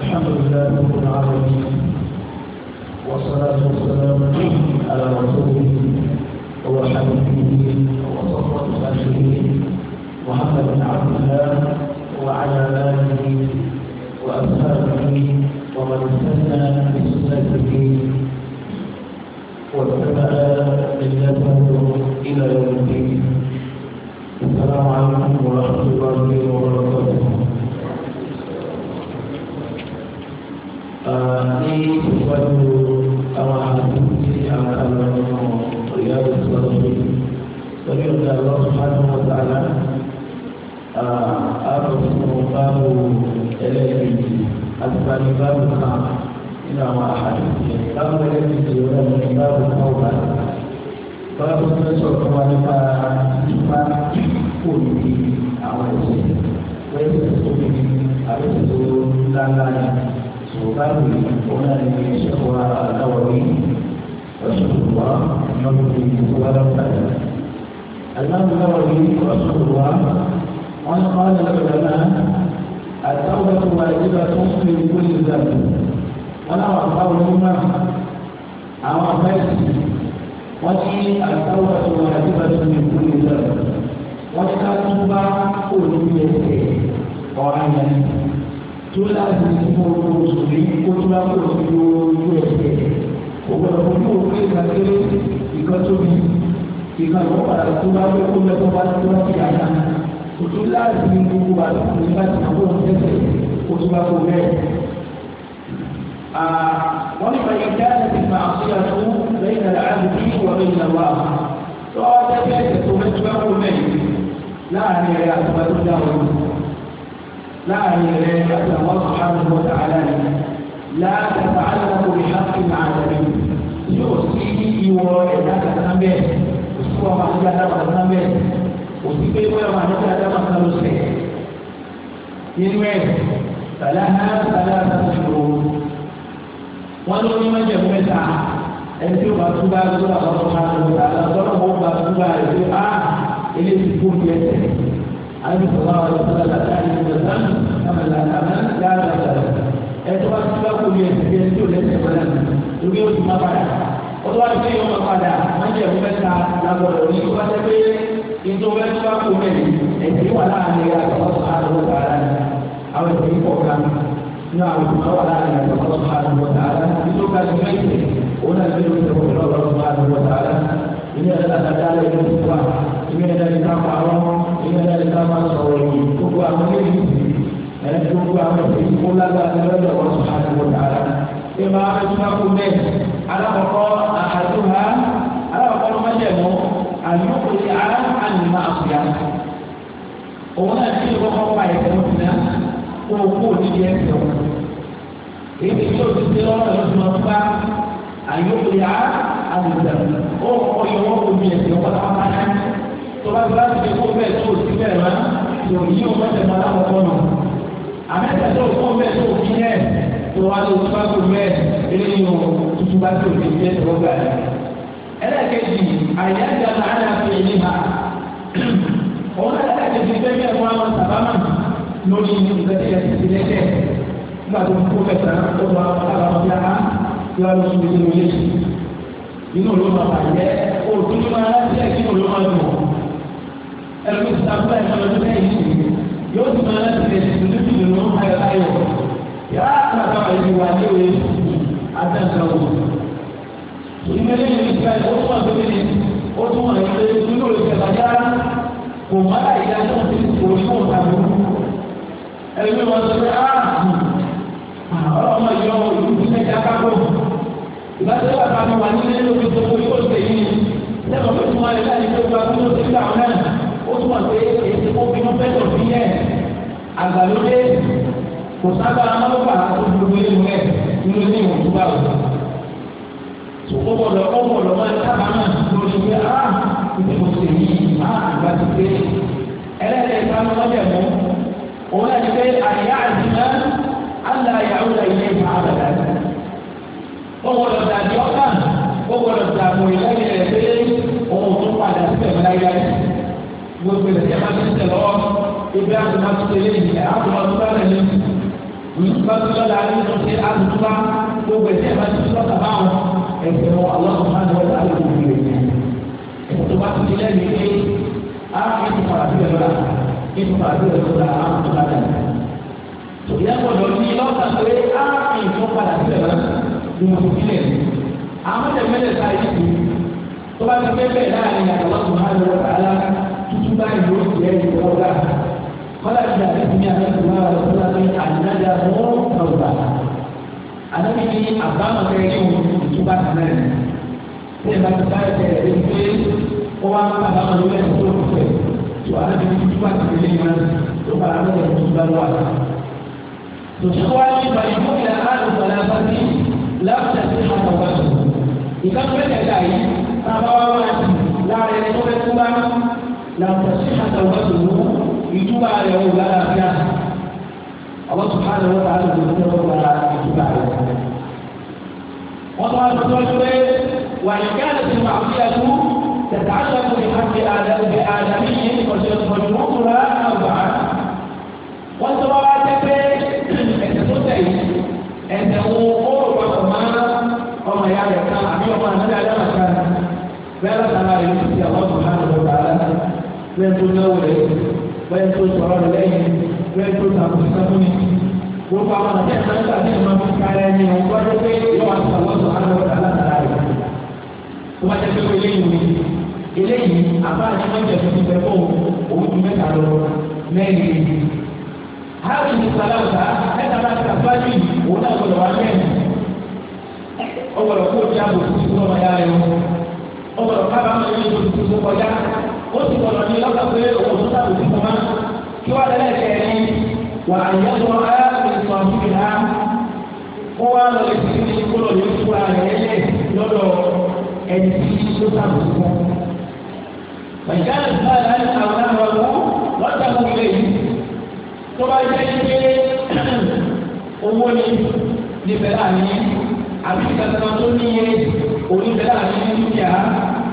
الحمد لله رب العالمين والصلاة والسلام على رسوله وحبيبه وصفوة الآخرين محمد بن عبد الله وعلى آله وأصحابه ومن استنى بسنته واتبع ملته إلى يوم الدين السلام عليكم ورحمة الله وبركاته ní ìwádìí àwọn àdúgbò tí àwọn àlọ́ ìyá rẹ̀ sọ̀rọ̀ pé lórí ọ̀dà ọlọ́run fáwọn ọ̀tá àlá àbọ̀fún báwo ẹlẹ́ẹ̀kejì àtìpáyé báwo kan nínú àwọn àhàdù báwo ẹlẹ́ẹ̀kejì ọlọ́run ní báwo kan wà báwo tó ń sọ̀rọ̀ wá nípa nípa kò ní àwọn ẹ̀sìn wẹ́ẹ̀sì tó وكان هنا لشكوى النووي رحمه الله النووي هو الفجر الإمام النووي رحمه الله قال قال العلماء التوبة واجبة في كل ذنب ولا أخبار الأمة أو أخبار wọ́n ní àtàwọn ọ̀tún àdìbà tó ní tó láti ní kó o oṣù ní kó tó lápò ní o ojú ẹsẹ̀ o gbọ́dọ̀ fojú òkú ìgbà kéré ìkan tóbi ìkan tó padà tó bá tó kó lẹ́kọ́ bá tó bá ti yàrá o tó láti ní gbogbo àlùkò nígbà tí àwọn òun tẹ̀sẹ̀ o tó bá kó bẹ́ẹ̀. wọ́n ní báyìí dáadáa ti máa ṣe àtúwò lẹ́yìn àlàáfíà kí wọ́n lè yàn wá tọ́wọ́ tẹ́tẹ́ ẹ̀sẹ̀ tó mẹ́tọ́ láàrin ẹ̀rẹ́ àtúbà tó dáwọ́ láàrin rẹ láti àwọn sùhánù wọ́tà aláàrin látàtà aláàbò ìhàkì àdàbí yóò sí ìwọ ẹ̀dá kàtà bẹ́ẹ̀ òsì wọn máa ń gbé adáwà kàtà bẹ́ẹ̀ òsì pé wọ́n máa ń gbé adáwà kàtà lọ́sẹ̀ nínú ẹ̀ sàlá náà sàlá sàlùfò wọn ló ní májẹ̀ mẹ́ta ẹni tí ó bá túbà lọ́wọ́ àwọn sùhánù wọ́tà aláàrin lọ́wọ́ bá túbà rẹ̀ pé a eléyìí kú bí ẹsẹ̀ àdébí sọ̀rọ̀ àwọn ọ̀dọ́ láti àyè ìjọba àmàlà àmàlà yára lọ́wọ́ ẹ̀tọ́ bá ti bá kú yẹ ẹ̀sìn ẹ̀sìn tó lẹ́sẹ̀ wọlé mi lórí oṣù má padà ó tó bá ti yọ ọmọ padà má jẹ́ ẹ̀kú mẹ́ta lágbọ̀dọ̀ ní kó bá tẹ́ pé ètò bá ti bá kú mẹ́ ẹ̀sìn wà láàrin àtọ̀kọ́ àtọ̀kọ́ tààrà àwọn ẹ̀sìn pọ̀ kan nínú àwọn ìgbìmọ̀ wà láàrin àtọ̀kọ́ àtọ̀kọ́ tààrà nítorí ká ti mẹ́tẹ̀ òun náà ti lóṣù tó kọ̀ lọ́wọ́ àtọ̀kọ́ tààrà ilé ẹ̀dá ìgbàlá ìta máa sọ̀rọ̀ yìí gbogbo àwọn eléyìí ẹ̀ gbogbo àwọn èyí kó lágbára lọ́dọ̀ wọn sọ àdúgbò dára. ṣé máa ń tún àkó bẹ́ẹ̀ alákọ̀ọ́kọ́ àdúrà alákọ̀ọ́kọ́ ló máa jẹ̀mú àyọkùnrin ara àyìnbá àkùyà. òun náà ti kọ́kọ́ pa ẹ̀sẹ̀ wọn náà kó o kó o ti di ẹ̀sẹ̀ wọn. èyí tí o ti ṣe lọ́wọ́ yìí ò fẹsẹ̀ máa láwọn ọkọ náà àmẹ́ta tó kọ́ bẹ́ẹ̀ tó kí ẹ̀ tó wá ló tó bá tó bẹ́ẹ̀ eléyìí ò tuntun bá tó lè jẹ́ tó gbà yẹn. ẹlẹ́kẹ̀jì àyájá náà á fi èyí ha òun náà láti fi fẹ́ẹ́ fún àwọn sàbámà lórí ìgbésẹ̀ ìdílẹ́sẹ̀ nígbà tó kó fẹ̀sẹ̀ náà tó wà láwọn ọ̀gá inú ló máa bàjẹ́ òtún ní máa láti ẹ̀ kí inú ló máa dùn ẹ̀rọ ìsàkúrà ìsàlọ̀ tó bẹ́ẹ̀ yìí yóò tún máa láti lè ṣe lójú ìlú náà ayọ̀ ayọ̀ yàrá àtàkà ìlú wa ní òye adágbàwò. ìmọ̀lẹ́ yìí ti ka ó tún wà lórí ni ó tún wà lórí nínú olùkẹ́ bàjá kò má ìyá tó ti kò ní wọn tàbí ẹgbẹ́ wọn sọ pé á ah, ọlọ́mọ ìyọ́ ìlú ti mẹ́ta kákó ìbáṣepọ̀ àtàkùn wà nílé lórí tó kó yóò tẹ̀yìn lẹ́nu tó tún wà lórí láti tó túmọ̀ pé èyí kó bínú fẹ́tọ̀ bí yẹn àgbàlódé kò sábà amáwòpá tó gbogbo yẹn lẹ̀ nínú ilé ìwọ̀n tó bá wò. Ọ̀pọ̀lọ̀ ọ̀pọ̀lọ̀ máa ń sábà náà lórí pé á ah, ìdí mo ṣe yìí á ah, àgbà ti pé ẹlẹ́dẹ̀ẹ́ ìpamọ́ lọ́jọ́ mú. Òun náà ti pé àyà àdìmọ́ àlà ìyàwó rẹ̀ ilé ìfà àbàdà. Ọ̀pọ̀lọ̀ dàbí ọ̀gá ọ̀pọ̀lọ̀ dàbò ìlẹ́yìn rẹ̀ pé òun ò tún padà síbẹ̀ láyé láyé gbogbo ẹ̀ ẹ̀ máa ń tẹ̀ lọ́wọ́ ibi àtúntà tó tẹ̀lé yìí ẹ̀ àtúntà tó bá rẹ̀ lẹ́nu nígbà tó lọ́la nínú ṣe àtúntà gbogbo ẹ̀ ẹ̀ máa ti tún lọ́ta báwọn ẹ̀sẹ̀ wọn aláwọ̀ máa ń wọ́n láti kò fi rè é ẹ̀sẹ̀ tó bá ti tẹ̀lé mi pé a kì í fara bí ẹ̀ lọ́la kì í fara bí ẹ̀ lọ́la a kò bá dẹ̀ tòyẹ́ gbọ́dọ̀ ní lọ́ta pé a kì í fún padà sí ẹ̀ lọ́la ni mo fi lẹ̀ àwọn tẹ̀mẹ́lẹ̀ sáyé tó bá ti tẹ́lẹ̀ láàrin ìtura ìlú ìjẹ́ ìjọba kọ́lá ìgbà ìpínlẹ̀ àtẹ̀tùmá ọ̀dọ́dọ́ ní àdínájà mọ́ ọ̀gbà àdókè ní àbámọ̀ kẹrin ní ìtura kanáà ní ṣé ìbá ti báyìí tẹ̀ ẹ́ pé ó wá ń bàbá wọn lórí ẹ̀sìn tó fẹ̀ tó àdókè ní ìtura kanáà ní tó bá àdókè ní ìtura wà. tòṣìkò wá ní ìbàdí fún ìlà àlùfọ̀ làbá sí yìí tábà wá wá láàrin làǹtàṣíhà tàwọ́tòwò ìdúbà rẹ̀ wò lálàáfíà àwọn sùpàdé wọn tàà lòdì tó wọn gba ìdúbà rẹ̀ wọn tó wọn tó wọn pé wà ní káàdì tó máa fi àdúró tẹ̀sán àdúrà tó ní ká fi àdàbí àdàbí sọ̀rọ̀ rẹ̀ lẹ́yìn rẹ̀ tó ta kò sí sẹ́kùn ní. Gbogbo àwọn àti ẹ̀ka nígbà tí ìmọ̀ fi kárẹ́ ni wọ́n gbọ́dọ̀ pé yóò wá sọ lọ́sọ̀ aláwọ̀ alátara rẹ̀. Tó bá jẹ́ pé wọ́n eléyìí ni eléyìí àbá àti wọ́n jẹ̀ tuntun bẹ́ẹ̀ fún òun ju mẹ́ta lọ mẹ́rin. Háàbì ní Sàlàwùsà ẹ̀ka bá ti àfáàjì òun náà gbọ́dọ̀ wá mẹ́rin. Ó gbọ́dọ̀ o jáàbò sí ọmọ yára yẹn. Ó gbọ́dọ̀ kábàámọ̀ yẹn lóṣù tó kọjá. Ó sì gbọ́dọ̀ ní lọ́kà pé òun tó kí wọ́n lẹ́lẹ́ kẹ́ni wà àyẹ̀wò aláàbẹ̀sọ̀ ìlà ó wá lọ sí ní kúrò ní fúra rẹ̀ lẹ̀ lọ́dọ̀ ẹni tí ó sàbùkù. Bàjẹ́ àgbà láti àwọn àwọn ọ̀gbọ́n wọ́n sàbùkù lè yí. Tó bá jẹ́ pé owó ni níbẹ̀ láàrin àbí ìkàtàkà tó níye oníbẹ̀ láàrin dúkìá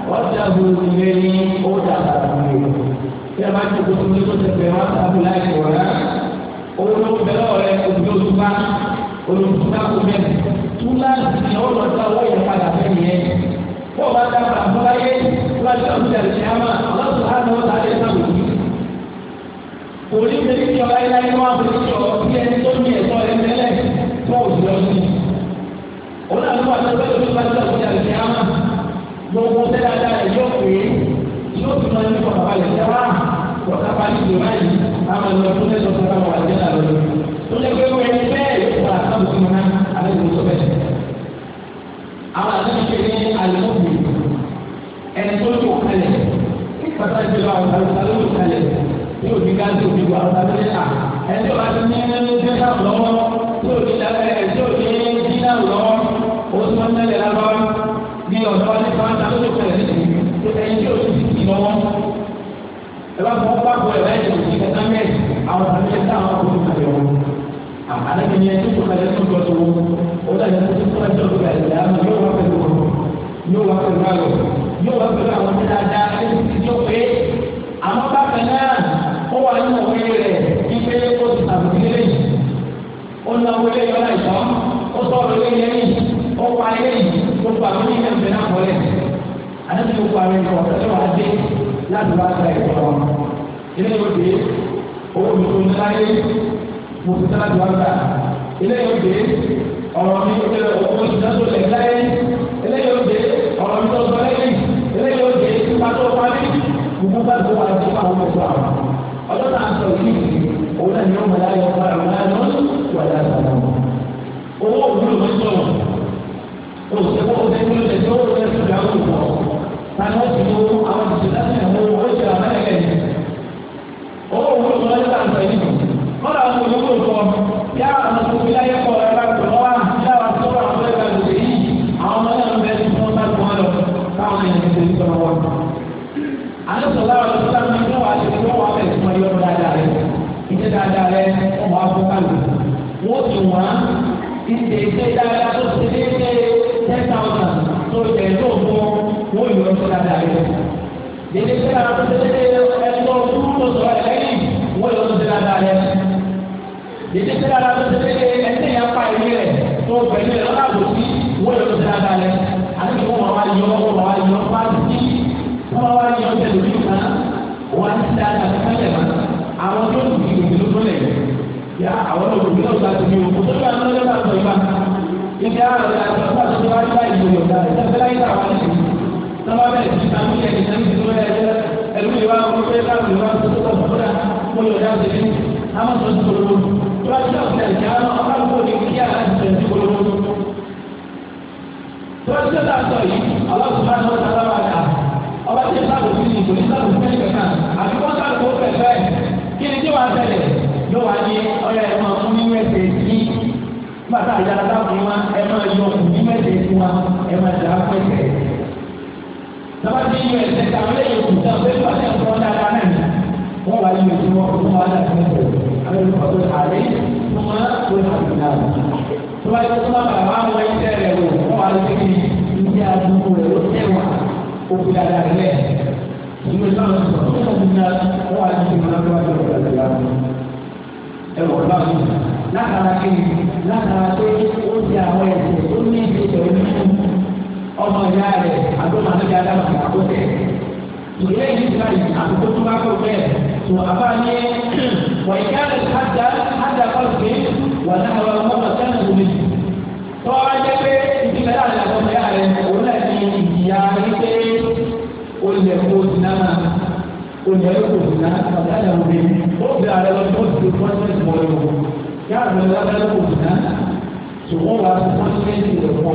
wọ́n sàbùkù lè ní ó dàgbà lórí tí a bá ti gbogbo ní tó ti bẹ̀rẹ̀ wá sábà láì kọ̀ rẹ̀ owó ló ń bẹ̀rẹ̀ ọ̀rẹ́ òbí olùkọ́ olùkọ́ kò bẹ̀rẹ̀ túláàsì ni ó lọ sí ọwọ́ yẹn padà bẹ́ẹ̀ yẹn bó o bá dábàá àbúráyé wájú ọ̀sẹ̀ ṣe á máa ọlọ́sùn á lọ sá lé sáwò yìí kò ní bẹ́ẹ̀ ní ọ̀rẹ́ láyé wọn àbúrò ní ọ̀ bí ẹni tó ní ẹ̀tọ́ rẹ̀ tẹ́lẹ̀ fún òsì ọ̀sìn òun àti wọn àti ọ̀rẹ́ òṣèlú wájú ọ̀sẹ̀ ṣe á máa ọ̀tá bá ti dùn báyìí àwọn ọ̀dọ́ tó lẹ́sọ̀ tó bá wà jẹ́ àlọ́ tó lé pé wọ́n ẹni bẹ́ẹ̀ yóò fà sábò fún wọn alẹ́ kò sọ bẹ́ẹ̀. àwọn àtúntò ṣe ní alimọ́bù ẹni tó lò kalẹ̀ pátá ti àwọn àlùfáà ló kalẹ̀ yóò fi gáàsì òbí wa àwọn àti ẹ̀ka ẹni tó bá ti ní ẹni tó dá lọ́wọ́ tó ní tó ní dínà lọ́wọ́ ó ti wọ́n tẹ́lẹ̀ lábọ́ bí ọ̀dọ́ ẹ̀bá fún ọgbà bọ̀ ẹ̀bá ẹ̀jẹ̀ kò sí kẹta mẹ́rin àwọn àmì ẹ̀ta àwọn kò ní kàlẹ́ wọn. àlẹ́ mi yẹn tó kò kàlẹ́ tó gbọ́ tó wọn ó dà yẹn tó tó kọ́ ẹ̀jẹ̀ òkúta ẹ̀jẹ̀ àmì yóò wá pẹ̀lú wọn yóò wá pẹ̀lú àlọ́ yóò wá pẹ̀lú àwọn tó dáadáa yóò pé àmọ́ bákan náà ó wà nínú òwe rẹ̀ wípé ó ti sàbùkílẹ̀ ó ná owó lé yọ̀ọ́ àìsàn ó sọ̀rọ̀ lé yẹn ó pa lé yìí ó pa láti wá gba ẹ̀kọ́ wọn. ilé yóò dé owó mi tó ń láyé mo ti sáláàtì wá gbà. ilé yóò dé ọ̀rọ̀ mi tó tẹ owó mi tó lẹ̀ láyé. ilé yóò dé ọ̀rọ̀ mi tó sọ lẹ́yìn. ilé yóò dé pátó parí. gbogbo bá tó wà ní àwọn ọmọ ìgbà wọn. ọjọ́ náà sọ yìí òun náà ni ó mọ̀ láyé ọ̀pá àwọn ọmọ ìgbà wọn. owó òwúrò mi sọ̀rọ̀ òṣèwọ́ òṣèwọ́ òṣèwọ́ òṣèwọ́ òṣèwọ́ àná sọlá wà lọ́sọ̀lá mi ní wàá ṣe wọ́n wàá bẹ̀rẹ̀ fún ẹyọ́ dáadáa rẹ̀ iṣẹ́ dáadáa rẹ̀ wọ́n wàá fún kálù wọ́n tún wá ìṣe iṣẹ́ dáadáa tó ṣe déédéé ten thousand tó ṣe tó mú wọ́n yọ ọ́ sí dáadáa rẹ̀ yẹ́nì iṣẹ́ dáadáa tó ṣe déédéé ẹ̀tọ́ dúró tó sọ̀rọ̀ ẹ̀ lẹ́yìn wọ́n yọ ọ́ sí dáadáa rẹ̀ yẹ́nì iṣẹ́ dáadáa tó ṣe déédéé ẹ̀tẹ́ yẹn pa ìwé rẹ̀ tó pẹ̀lú ẹ̀ lọ́dà lòsí wọ́n yọ ọ́ sí dáadáa rẹ̀ àti ìwọ́n wà wá yọ ọ́ wà wá yọ ọ́ wọ́n á ti dáadáa ní kálẹ̀ mọ́ àwọn tó kù kí òkè ló tó lẹ̀ yá àwọn tó kù kí ló bá ti di òkú tó bá lọ́jọ́ bá sọ ìgbà ibi àwọn ọ̀dà tó bá tó bá yá ìlú ọ̀dà ìtẹ́fẹ́ láyé àwọn ẹ̀sìn sábà bẹ̀rẹ̀ sí àwọn ẹ̀sìn náà ti tó lẹ̀ ẹ̀lú ìwà ọkọ̀ pé láwọn ìwà tó tó tó tó mo yọ̀ àwọn tó tó tó tó bá tó tó ẹ̀jẹ̀ àwọn ọlọ́pàá òní kí àwọn ẹ̀sìn tó tó tó tó tó tó tó ọba tí ìlànà òfin ní ìgbòho ìlànà òfin ẹ̀ka kan àbí wọ́n sáré kó pẹ̀pẹ́ kí ni tí wàá tẹ̀lẹ̀ yóò wá ní ọ̀rẹ́ ẹ̀ máa fún nínú ẹ̀sẹ̀ sí bàtà ìyára táwọn wa ẹ̀ máa yọ nínú ẹ̀sẹ̀ sí wa ẹ̀ máa dà á pẹ̀sẹ̀. lọ́ba tí yọ ẹ̀sẹ̀ táwọn lẹ́yìn òkú táwọn fẹ́ẹ́ fà sẹ́yìn fún ọ̀dà dáná ni wọ́n wá yọ ẹ̀sẹ̀ wọn fún wa láti mẹ́tẹ̀ tó bá yẹ kó bá bàbá àwọn ẹgbẹ́ rẹ̀ wò wọ́n wá lọ sí ibi ìdí àdúgbò rẹ̀ ó tẹ̀wà òkú dáadáa rẹ lẹ ìlú ìlànà sọ̀rọ̀ nígbà tí ní àwọn àti ìlú náà wà lọ́wọ́ ìlú ìlànà ẹ wọ̀ báwo látara kí ni látara pé ó ti àwọn ẹ̀sẹ̀ tó ní ìdí ìdọ̀rọ̀ nínú ọmọ ìyá rẹ̀ àdóhùn àti àdáhùn àti àkótẹ́ tòlẹ́ yìí ti báyìí àkókò tó bá kọ̀ bẹ́ẹ̀ tó àbá ní wọ̀nyí ká lè ká dá ká dá kọ́ olè kó o sinna olè kó o sinna ọ̀gá ìyàwó mi ó bẹ àrẹ lọ tó ti fún ẹsẹ̀ ìmọ̀ rẹ o yàrá mi lọ́dọ̀ ló kó o sinna ṣùgbọ́n wàá fi fún ẹsẹ̀ ìmọ̀ rẹ pọ̀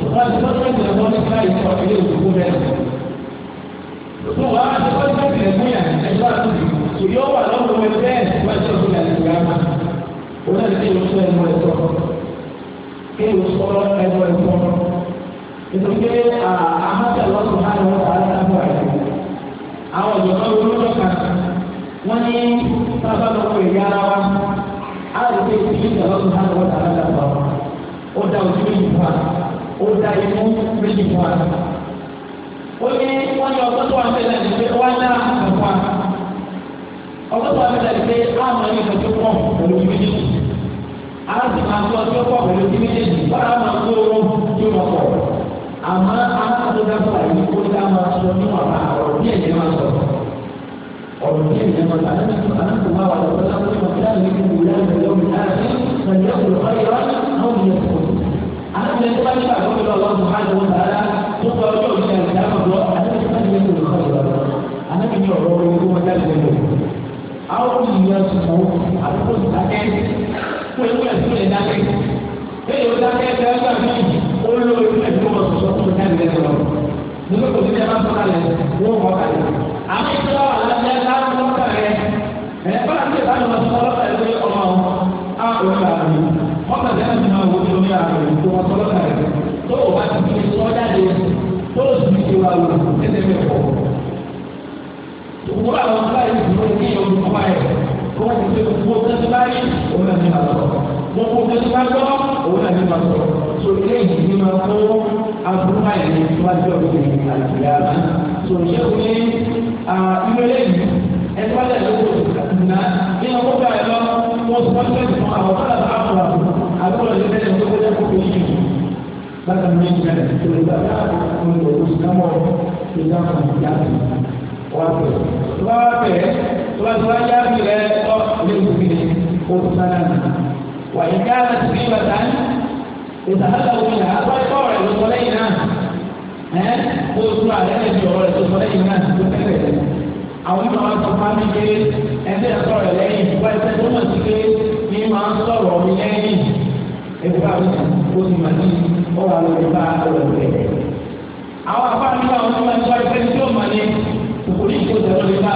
ṣùgbọ́n ti fún ẹsẹ̀ ìmọ̀ rẹ ká ìtọ́ ilé òṣùwò rẹ ṣùgbọ́n wàá fi fún ẹsẹ̀ ìmọ̀ rẹ ẹgbẹ́ àtúntì ṣùgbọ́n wà lọ́wọ́ ẹgbẹ́ ẹ̀sìn wáṣọ nítorí pé àhásẹ̀ lọ́sùn náà wọ́n ta aláàbò àìsàn àwọn ìjọba olóńgbò kan wọ́n ní sábà lọ́kọ̀ èyí ara wa aláàbò pé ìdílé lọ́sùn náà wọ́n ta aláàbò àwọn ó dá ojú méjì fún wa ó dá inú méjì fún wa ó ní wọ́n ní ọgbọ́n tó wà nílẹ̀ ní pé wọ́n dá àkàn fún wa ọgbọ́n tó wà nílẹ̀ ní pé àwọn ẹni kan tó pọ̀ pẹ̀lú ojú méjì aláàbò máa tó ọjọ́ pọ̀ pẹ̀lú ojú méjì wọ́n á máa tó oró tó àmọ́ alákòókò yìí kó dá máa sọ ní wàhálà ọ̀rọ̀ bí ẹ̀jẹ̀ máa sọ ọ̀rọ̀ bí ẹ̀jẹ̀ máa sọ alákòókò alákòókò máa wà lọ́wọ́ láwọn ọmọ ìyá mi kò wúlò láti lọ́wọ́ ìyá mi pẹ̀lú ọ̀rọ̀ báyọ̀ àwọn ìyẹn kò alákòókò tó bá ní bàbá mi lọ́wọ́ mùhàdù wọn tààrà tó kọ ọjọ́ ìṣẹ̀ ìdáàbò alákòókò tó bá ní bàbá ẹ̀mí ẹ̀sọ̀ lọ. Nígbà tó ní ẹ̀ máa sọ̀rọ̀ alẹ̀ wọ́n wọ́n kalẹ̀. Àmọ́ ìtura wà lálẹ́ láwọn lọ́kà rẹ̀. Ẹ̀ bá ti bá lọ sọ lọ́kà rẹ̀ pé ọmọ àwọn àwọn ọ̀gá rẹ̀. Wọ́n kà sẹ́yìn ti máa wo ní omi àrùn tó wọ́n sọ lọ́kà rẹ̀. Tó o bá ti fi sọ jáde tó o sì fi wà lò ẹsẹ̀ mi pọ̀. Wọ́n àwọn ọ̀gá yìí ti wọ́n ní olùkọ́ ẹ̀. o ti fi gbogbo tẹ́tí báyìí, òun náà ti máa sọ̀rọ̀. Gbogbo tẹ́tí bá aburú báyìí ní ìwádìí ọ̀gbìn ní àlùfáà tó ṣe kó ní ìrẹ̀lẹ̀ yìí ẹni wá lẹ̀ lóko nà ní ọkọ̀ bá ẹ lọ wọ́n sọ fún ẹ̀sìn fún àwọn ọ̀gá àbá àbúrò àbúrò lè tẹ̀lé ní kókó lẹ́kọ̀ọ́ tó yìí bàtà mi ìgbà tó lè bàtà àwọn olùkọ́ sùnàmọ́ ìgbà kan ìgbà kan wà pẹ̀ tó bá wà pẹ̀ tó bá tó bá yá mi rẹ̀ ọ́ lé òtàkàtà òfin yà á kọ́ ọ̀rẹ́ ló sọ lẹ́yìn náà ẹ́ kó o tún àlẹ́ lè fi ọ̀rẹ́ tó sọ lẹ́yìn náà tó tẹ̀lé àwọn ìmọ̀ wọn sọ fún mi pé ẹgbẹ́ ẹ̀kọ́ rẹ̀ lẹ́yìn wọ́n ẹgbẹ́ tó mọ̀ sí pé mi máa ń sọ̀rọ̀ mi lẹ́yìn ẹgbẹ́ àwọn ìmọ̀ ó ti mà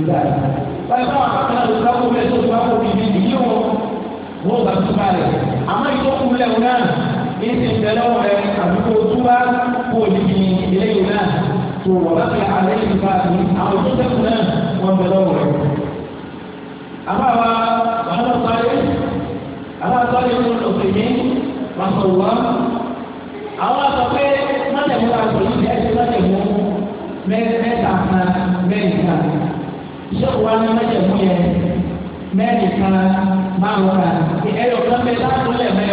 ìgbà yìí. báyìí báwọn akẹ́kọ̀ọ́ ló bá kó bẹ́ẹ̀ tó bá kó bíbí ìdí wọn wọn ò bá tún bá rẹ̀. àmọ́ ìtọ́kù lẹ́wọ̀n náà èyí ti bẹ̀ lọ́wọ́ rẹ̀ àdúgbò túbá kó níbi ilé yìí náà tó wọ̀ láti àlẹ́ ìgbà àwọn tó mẹ́rin kan márùn-ún kan ẹ̀yọ̀ kan bẹ láàbùlẹ̀ mẹ́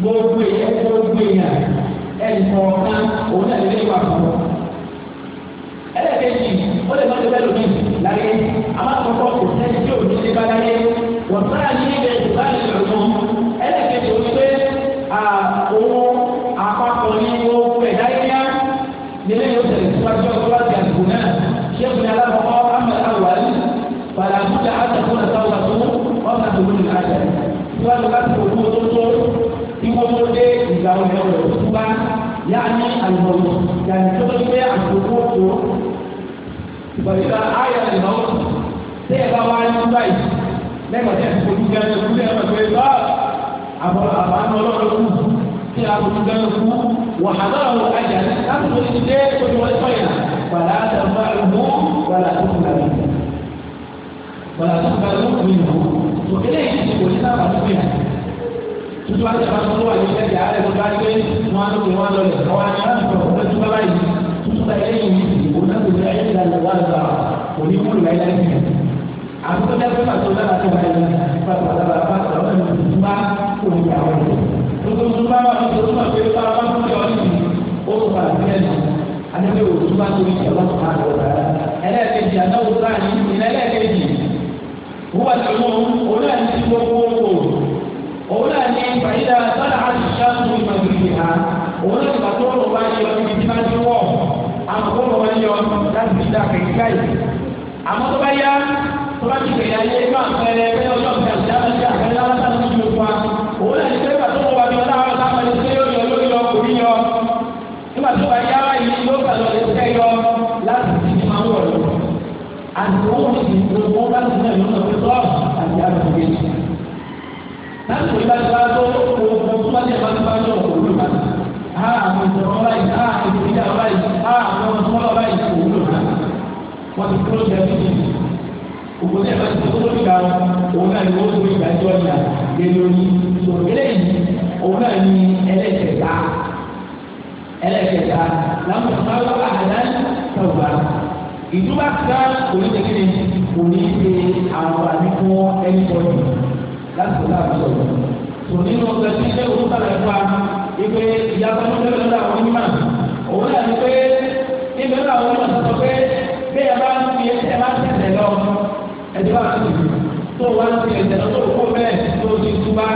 gbogbo èèyàn gbogbo èèyàn ẹnì kọ̀ọ̀kan òun náà lè wà fún un. ìgbàlódé ayọ̀ lè náwó tí ẹ bá wá ní báyìí lẹ́gbàá tí ẹ ti fojú gẹ́gẹ́ ah, kú lẹ́yìn ọ̀gá pé bá àbọ̀ àbánu ọlọ́run kù tí a fojú gẹ́gẹ́ kú wà á wọ ajá láti wọ́n ti dé ojú wọn sọ̀yà gbàlá àtàwọn àlùmọ́ gbàlá àtúntò àlùmọ́ gbàlá àtúntò àlùmọ́ mi nù tó eléyìí ti kò ní sábà tó yà tuntun àti àbámu wà ní ìṣẹ́jà rẹ̀ tó bá gbé wọn á lókè wọn lọ lẹ̀ wọn á ní nípa eléyìí òun náà tó fẹ́ ẹ̀yìn ìlànà wà lọ́wọ́ òní kúrò láyé láyé yẹn. àbúkọ́ dábẹ́ pàtó lára tó wáyé pàtó lára pàtó lára ní ìtumá òní àwọn ènìyàn. tuntun tó bá wà ní ìtumá máa fi bá wà fún ìyọ̀ ní o tó bá ti lẹ́nu. adébẹ́ o tó bá tó ní ìyàwó tó máa lọ rárá. ẹlẹ́ẹ̀kejì anáwó láàyè ìlẹ́lẹ́ẹ̀kejì. wúwa tó mú òun náà ní gbogbo òun náà ní fàyídà sọ́dà àti ṣáàtú ìmọ̀ ìgbìyà òun náà ní pàtó ọ̀rọ̀ wáyé ọ àwọn ọmọ wọn yọ láti fi dà kẹ̀kẹ́ báyìí àmọ́ tó bá yá tó bá ti kẹ̀yà yé bá pẹ̀lẹ́ bẹ́ẹ̀ ọjọ́ ìgbà ìjà lọ́jà àgbẹ̀lá látàrí ìlú wa òun náà ti fẹ́ bá tó wọ́n wá yọ láwọn táwọn ẹni tó yọ lórí yọ kò yọ nígbà tó bá yá báyìí ló kà lọ yọ láti fi ní máa wọ̀ lọ. àtìwọ́n wọn ti láti á ah, àwọn ọmọ tó lọ báyìí kò wúlò náà wọ́n ti kúrò jẹ́ bí yìí òkú ní ẹ̀fọ́ ti kúrò nígbà òun náà ni wọ́n tó ìgbà jọ ìyá lé lórí tó eléyìí òun náà ni ẹlẹ́kẹ̀ẹ́ta ẹlẹ́kẹ̀ẹ́ta làwọn ọmọ tó lọ àdá tọ̀gbà ìdúrà ká onídẹ̀kẹ́ni kò ní ṣe àwọn àdínkù ẹni tọ́jú láti láti sọ̀rọ̀ tò nínú ọgbẹ́ tí ilé òkúta rẹ̀ pa ìpè ìyá tó ń tẹ́lẹ̀ lọ́dọ̀ àwọn onímọ̀ òun náà ni pé níbi ẹ̀rọ àwọn ọmọ sọ pé bí ẹ bá ń fi ẹ bá ń tẹ̀sẹ̀ lọ ẹ̀dí bá tù tó wá ń fi ẹ̀sẹ̀ lọ tó kó bẹ́ẹ̀ tó ti túbá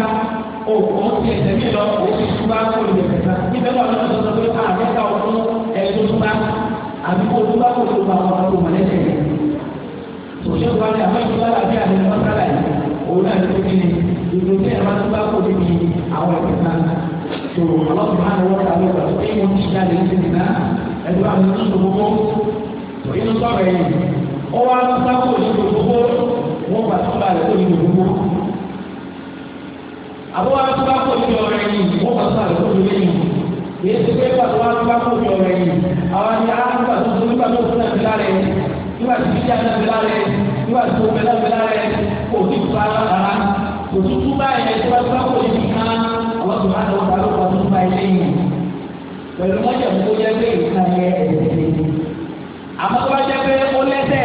òkú ti ẹ̀sẹ̀ mi lọ kó ti túbá kó lè tẹ̀sẹ̀ níbi ẹ̀rọ àwọn ọmọ sọ pé àbẹ́ká ọdún ẹ̀dún túbá àbí kó túbá kó tó bá wọn kó mọ̀lẹ́sẹ̀ rẹ̀ tòṣe wà ní àwọn ìtura àbí àti ọ̀sára yìí òun náà ló ti ní ìlú tí ẹ̀rọ túbá kó ti ní àwọn ìtura tó ọlọ́pàá ni wọ́n ta ló wà tó ẹ̀yìn oníṣẹ́ àlejò nìkan ẹgbẹ́ àwọn oníṣòwò gbogbo inú sọ̀rọ̀ yẹn ó wá sábà oníṣòwò gbogbo wọ́n gbà tó bá rẹ̀ oníṣòwò gbogbo. àbúrò àwọn sábà oníṣòwò rẹ̀ yìí wọ́n gbà tó bá rẹ̀ oníṣòwò yìí yìí ti pé pàtó wá sábà oníṣòwò rẹ̀ yìí àwọn ni á nígbà tó tó nígbà tó fún ẹ̀ fìlà rẹ̀ nígbà tó fìlà rẹ̀ fìlà rẹ̀ nígbà tó fìlà rẹ̀ kò ní fa ara kò tó pẹ̀lú mọ́jọ̀ tó jẹ́ pé nǹkan yẹ ẹ̀sìn àmọ́ tó bá jẹ́ pé ó lẹ́sẹ̀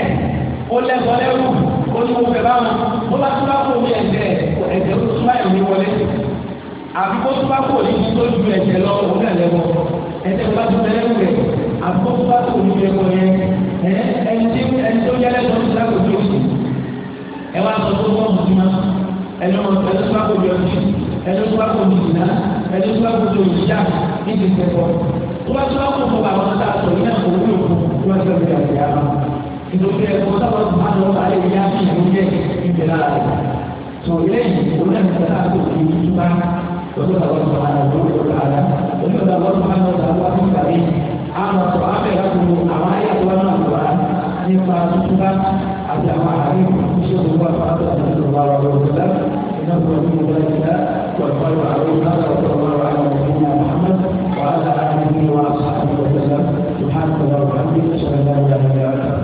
ó lẹ́sọ̀ lẹ́rù ó ní gbogbo ẹ̀ bá wọn ó bá tún bá kó omi ẹ̀jẹ̀ ẹ̀jẹ̀ ó tún bá ìwé wọlé àbí kó tún bá kó omi tó ju ẹ̀jẹ̀ lọ òun náà lẹ́wọ̀ ẹ̀jẹ̀ tó bá tún bẹ lẹ́rù rẹ̀ àbí kó tún bá kó omi ẹ̀kọ́ yẹn ẹni tó yẹ lẹ́sọ̀ tó dá bá kó omi ọ̀hún pẹ̀lú sọ́kùtù ìyá ní ti tẹ̀kọ́. Tó bá tún wákò fún àwọn ọ̀tá àtọ̀ ní àwọn òwúrò fún tí wọ́n tẹ̀lé àti àmà. Ìdókè ẹ̀kọ́ sábà tún máa ń lọ́ọ́ àlẹ́ ìyá sí ìlú jẹ́ ìbẹ̀ lára rẹ̀. Tó lẹ́yìn olóòtú àti òkè ìtura lọ́dọ̀ àwọn ọ̀tá àwọn ọ̀tá àlá. Olóòtú àwọn ọ̀tá àwọn ọ̀tá àwọn ọ̀tá àwọn ọ̀tá àwọn ọ̀tá àwọn ọ̀tá àwọn وصلى الله على محمد وعلى اله واصحابه وسلم سبحانك اللهم وبحمدك اشهد ان لا اله الا انت